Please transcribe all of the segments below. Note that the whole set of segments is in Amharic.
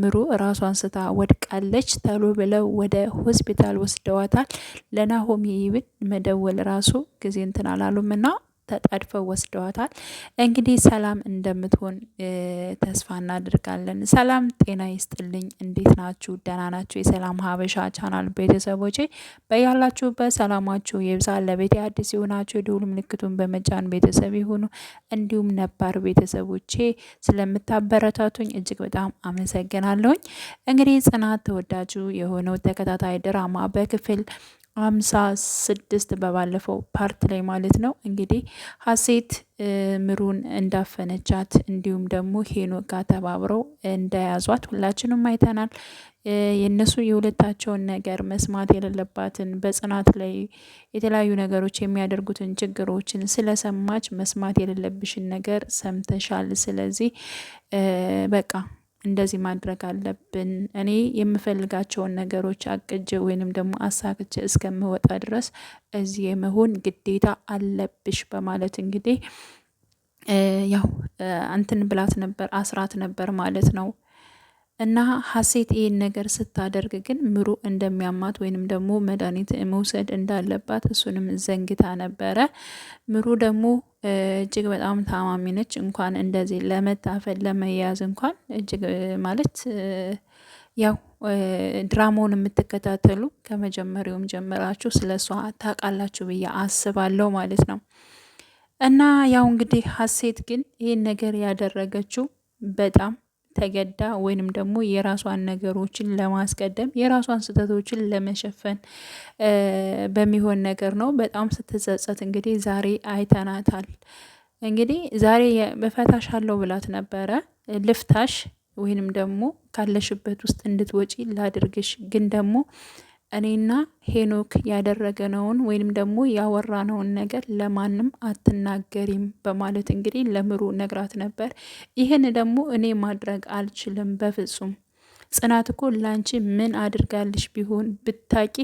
ምሩ ራሷን ስታ ወድቃለች። ተሎ ብለው ወደ ሆስፒታል ወስደዋታል። ለናሆሚ ይብል መደወል ራሱ ጊዜ እንትን አላሉም እና ተጠድፈው ወስደዋታል። እንግዲህ ሰላም እንደምትሆን ተስፋ እናደርጋለን። ሰላም ጤና ይስጥልኝ። እንዴት ናችሁ? ደህና ናችሁ? የሰላም ሀበሻ ቻናል ቤተሰቦቼ በያላችሁበት ሰላማችሁ የብዛ። ለቤት አዲስ የሆናችሁ የደወል ምልክቱን በመጫን ቤተሰብ የሆኑ እንዲሁም ነባር ቤተሰቦቼ ስለምታበረታቱኝ እጅግ በጣም አመሰግናለሁኝ። እንግዲህ ጽናት ተወዳጁ የሆነው ተከታታይ ድራማ በክፍል አምሳ ስድስት በባለፈው ፓርት ላይ ማለት ነው እንግዲህ ሀሴት ምሩን እንዳፈነቻት እንዲሁም ደግሞ ሄኖክ ጋር ተባብረው እንደያዟት ሁላችንም አይተናል። የእነሱ የሁለታቸውን ነገር መስማት የሌለባትን በጽናት ላይ የተለያዩ ነገሮች የሚያደርጉትን ችግሮችን ስለሰማች መስማት የሌለብሽን ነገር ሰምተሻል። ስለዚህ በቃ እንደዚህ ማድረግ አለብን። እኔ የምፈልጋቸውን ነገሮች አቅጄ ወይንም ደግሞ አሳክቼ እስከምወጣ ድረስ እዚህ የመሆን ግዴታ አለብሽ በማለት እንግዲህ ያው አንትን ብላት ነበር፣ አስራት ነበር ማለት ነው። እና ሀሴት ይህን ነገር ስታደርግ ግን ምሩ እንደሚያማት ወይንም ደግሞ መድኃኒት መውሰድ እንዳለባት እሱንም ዘንግታ ነበረ። ምሩ ደግሞ እጅግ በጣም ታማሚ ነች። እንኳን እንደዚህ ለመታፈን ለመያዝ እንኳን እጅግ ማለት ያው ድራማውን የምትከታተሉ ከመጀመሪያውም ጀምራችሁ ስለ እሷ ታውቃላችሁ ብዬ አስባለሁ ማለት ነው። እና ያው እንግዲህ ሀሴት ግን ይህን ነገር ያደረገችው በጣም ተገዳ ወይንም ደግሞ የራሷን ነገሮችን ለማስቀደም የራሷን ስህተቶችን ለመሸፈን በሚሆን ነገር ነው። በጣም ስትጸጸት እንግዲህ ዛሬ አይተናታል። እንግዲህ ዛሬ በፈታሽ አለው ብላት ነበረ። ልፍታሽ ወይንም ደግሞ ካለሽበት ውስጥ እንድትወጪ ላድርግሽ ግን ደግሞ እኔና ሄኖክ ያደረገነውን ወይንም ደግሞ ያወራነውን ነገር ለማንም አትናገሪም በማለት እንግዲህ ለምሩ ነግራት ነበር። ይህን ደግሞ እኔ ማድረግ አልችልም በፍጹም ጽናት እኮ ላንቺ ምን አድርጋልሽ ቢሆን ብታቂ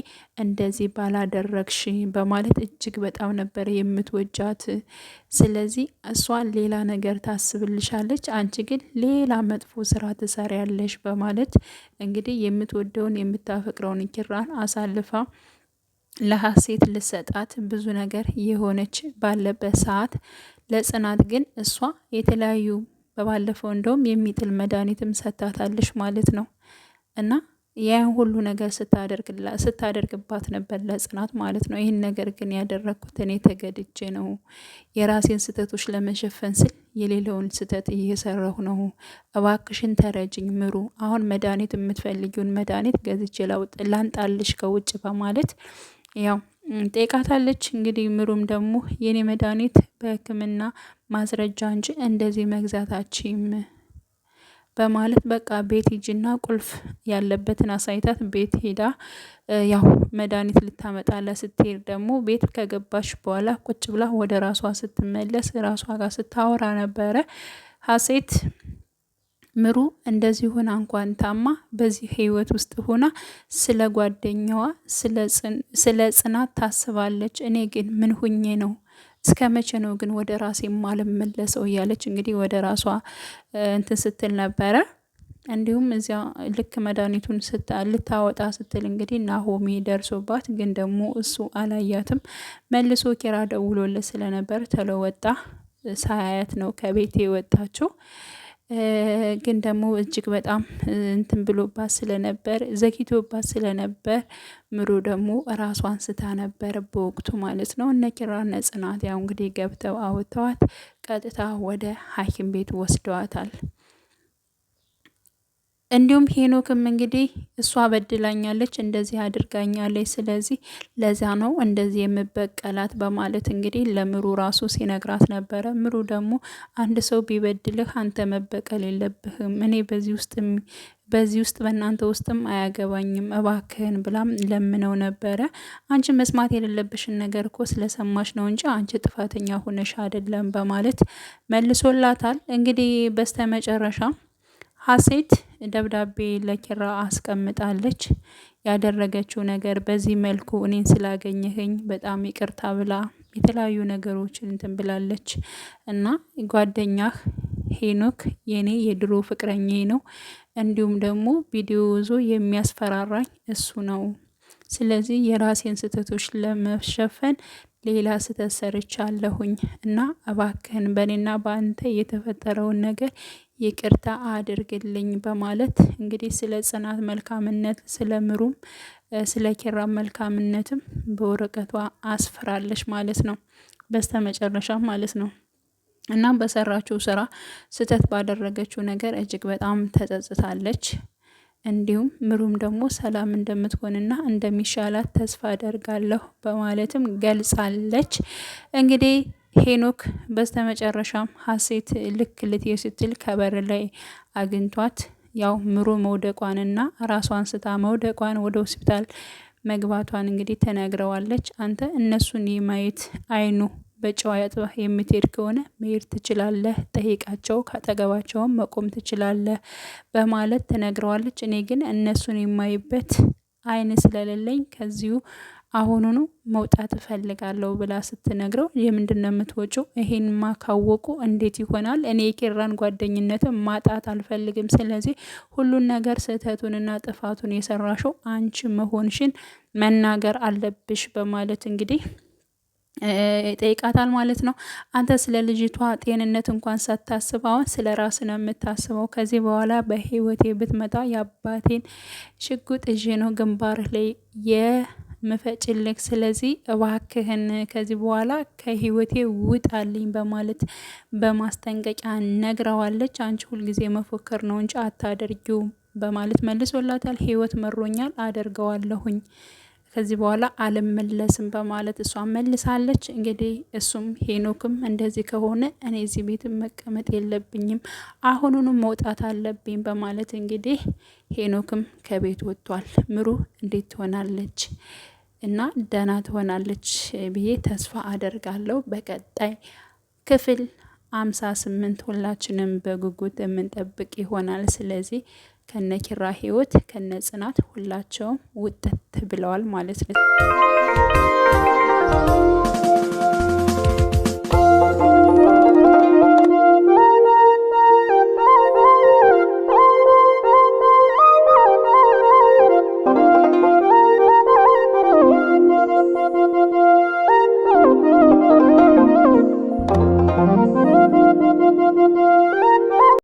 እንደዚህ ባላደረግሽ በማለት እጅግ በጣም ነበር የምትወጃት። ስለዚህ እሷን ሌላ ነገር ታስብልሻለች፣ አንቺ ግን ሌላ መጥፎ ስራ ትሰሪያለሽ በማለት እንግዲህ የምትወደውን የምታፈቅረውን ኪራን አሳልፋ ለሀሴት ልሰጣት ብዙ ነገር የሆነች ባለበት ሰዓት ለጽናት ግን እሷ የተለያዩ በባለፈው እንደውም የሚጥል መድኃኒትም ሰታታለሽ ማለት ነው እና ያን ሁሉ ነገር ስታደርግባት ነበር ለጽናት ማለት ነው። ይህን ነገር ግን ያደረግኩት እኔ ተገድጄ ነው። የራሴን ስህተቶች ለመሸፈን ስል የሌለውን ስህተት እየሰራሁ ነው። እባክሽን ተረጅኝ ምሩ፣ አሁን መድኃኒት የምትፈልጊውን መድኃኒት ገዝቼ ላንጣልሽ ከውጭ በማለት ያው ጠይቃታለች። እንግዲህ ምሩም ደግሞ የኔ መድኃኒት በህክምና ማስረጃ እንጂ እንደዚህ መግዛታችም በማለት በቃ ቤት ሂጂና ቁልፍ ያለበትን አሳይታት ቤት ሄዳ ያው መድኃኒት ልታመጣላ ስትሄድ ደግሞ ቤት ከገባች በኋላ ቁጭ ብላ ወደ ራሷ ስትመለስ ራሷ ጋር ስታወራ ነበረ ሀሴት ምሩ እንደዚህ ሆና እንኳን ታማ በዚህ ህይወት ውስጥ ሆና ስለ ጓደኛዋ ስለ ጽናት ታስባለች። እኔ ግን ምን ሁኜ ነው እስከ መቼ ነው ግን ወደ ራሴ ማልመለሰው? እያለች እንግዲህ ወደ ራሷ እንትን ስትል ነበረ። እንዲሁም እዚያ ልክ መድኃኒቱን ልታወጣ ስትል እንግዲህ ናሆሚ ደርሶባት፣ ግን ደግሞ እሱ አላያትም። መልሶ ኪራ ደውሎለት ስለነበር ተለወጣ ሳያያት ነው ከቤት የወጣችው። ግን ደግሞ እጅግ በጣም እንትን ብሎባት ስለነበር ዘግይቶባት ስለነበር ምሩ ደግሞ ራሷን ስታ ነበር በወቅቱ ማለት ነው። እነ ኪራነ ጽናት ያው እንግዲህ ገብተው አውጥተዋት ቀጥታ ወደ ሐኪም ቤት ወስደዋታል። እንዲሁም ሄኖክም እንግዲህ እሷ በድላኛለች፣ እንደዚህ አድርጋኛለች፣ ስለዚህ ለዛ ነው እንደዚህ የምበቀላት በማለት እንግዲህ ለምሩ ራሱ ሲነግራት ነበረ። ምሩ ደግሞ አንድ ሰው ቢበድልህ አንተ መበቀል የለብህም፣ እኔ በዚህ ውስጥ በዚህ ውስጥ በእናንተ ውስጥም አያገባኝም እባክህን ብላም ለምነው ነበረ። አንቺ መስማት የሌለብሽን ነገር እኮ ስለሰማሽ ነው እንጂ አንቺ ጥፋተኛ ሆነሽ አይደለም በማለት መልሶላታል። እንግዲህ በስተመጨረሻ ሀሴት ደብዳቤ ለኪራ አስቀምጣለች። ያደረገችው ነገር በዚህ መልኩ እኔን ስላገኘህኝ በጣም ይቅርታ ብላ የተለያዩ ነገሮችን እንትን ብላለች እና ጓደኛህ ሄኖክ የኔ የድሮ ፍቅረኛ ነው፣ እንዲሁም ደግሞ ቪዲዮ ይዞ የሚያስፈራራኝ እሱ ነው። ስለዚህ የራሴን ስህተቶች ለመሸፈን ሌላ ስህተት ሰርቻለሁኝ እና እባክህን በእኔና በአንተ የተፈጠረውን ነገር ይቅርታ አድርግልኝ በማለት እንግዲህ ስለ ጽናት መልካምነት ስለ ምሩም ስለ ኪራ መልካምነትም በወረቀቷ አስፍራለች ማለት ነው። በስተ መጨረሻ ማለት ነው። እና በሰራችው ስራ ስህተት ባደረገችው ነገር እጅግ በጣም ተጸጽታለች። እንዲሁም ምሩም ደግሞ ሰላም እንደምትሆንና እንደሚሻላት ተስፋ አደርጋለሁ በማለትም ገልጻለች። እንግዲህ ሄኖክ በስተመጨረሻም ሀሴት ልክ ልትሄድ ስትል ከበር ላይ አግኝቷት ያው ምሮ መውደቋንና ራሷን ስታ መውደቋን ወደ ሆስፒታል መግባቷን እንግዲህ ተናግረዋለች። አንተ እነሱን የማየት አይኑ በጨዋ ያጥባህ የምትሄድ ከሆነ መሄድ ትችላለህ፣ ጠይቃቸው፣ ካጠገባቸውም መቆም ትችላለህ በማለት ተነግረዋለች። እኔ ግን እነሱን የማይበት አይን ስለሌለኝ ከዚሁ አሁኑኑ መውጣት እፈልጋለሁ ብላ ስትነግረው የምንድን ነው የምትወጪው? ይሄንማ ካወቁ እንዴት ይሆናል? እኔ የኬራን ጓደኝነትን ማጣት አልፈልግም። ስለዚህ ሁሉን ነገር ስህተቱንና ጥፋቱን የሰራሽው አንቺ መሆንሽን መናገር አለብሽ በማለት እንግዲህ ይጠይቃታል ማለት ነው። አንተ ስለ ልጅቷ ጤንነት እንኳን ሳታስብ አሁን ስለ ራስ ነው የምታስበው። ከዚህ በኋላ በህይወቴ ብትመጣ የአባቴን ሽጉጥ እዤ ነው ግንባር ላይ ምፈጭልክ፣ ስለዚህ እባክህን ከዚህ በኋላ ከህይወቴ ውጣልኝ በማለት በማስጠንቀቂያ ነግረዋለች። አንቺ ሁልጊዜ መፎከር ነው እንጂ አታደርጊውም በማለት መልሶላታል። ህይወት መሮኛል፣ አደርገዋለሁኝ ከዚህ በኋላ አልመለስም በማለት እሷ መልሳለች። እንግዲህ እሱም ሄኖክም እንደዚህ ከሆነ እኔ እዚህ ቤት መቀመጥ የለብኝም አሁኑኑ መውጣት አለብኝ በማለት እንግዲህ ሄኖክም ከቤት ወጥቷል። ምሩ እንዴት ትሆናለች? እና ደህና ትሆናለች ብዬ ተስፋ አደርጋለሁ። በቀጣይ ክፍል አምሳ ስምንት ሁላችንም በጉጉት የምንጠብቅ ይሆናል። ስለዚህ ከነኪራ ህይወት ከነ ጽናት ሁላቸውም ውጥት ብለዋል ማለት ነው።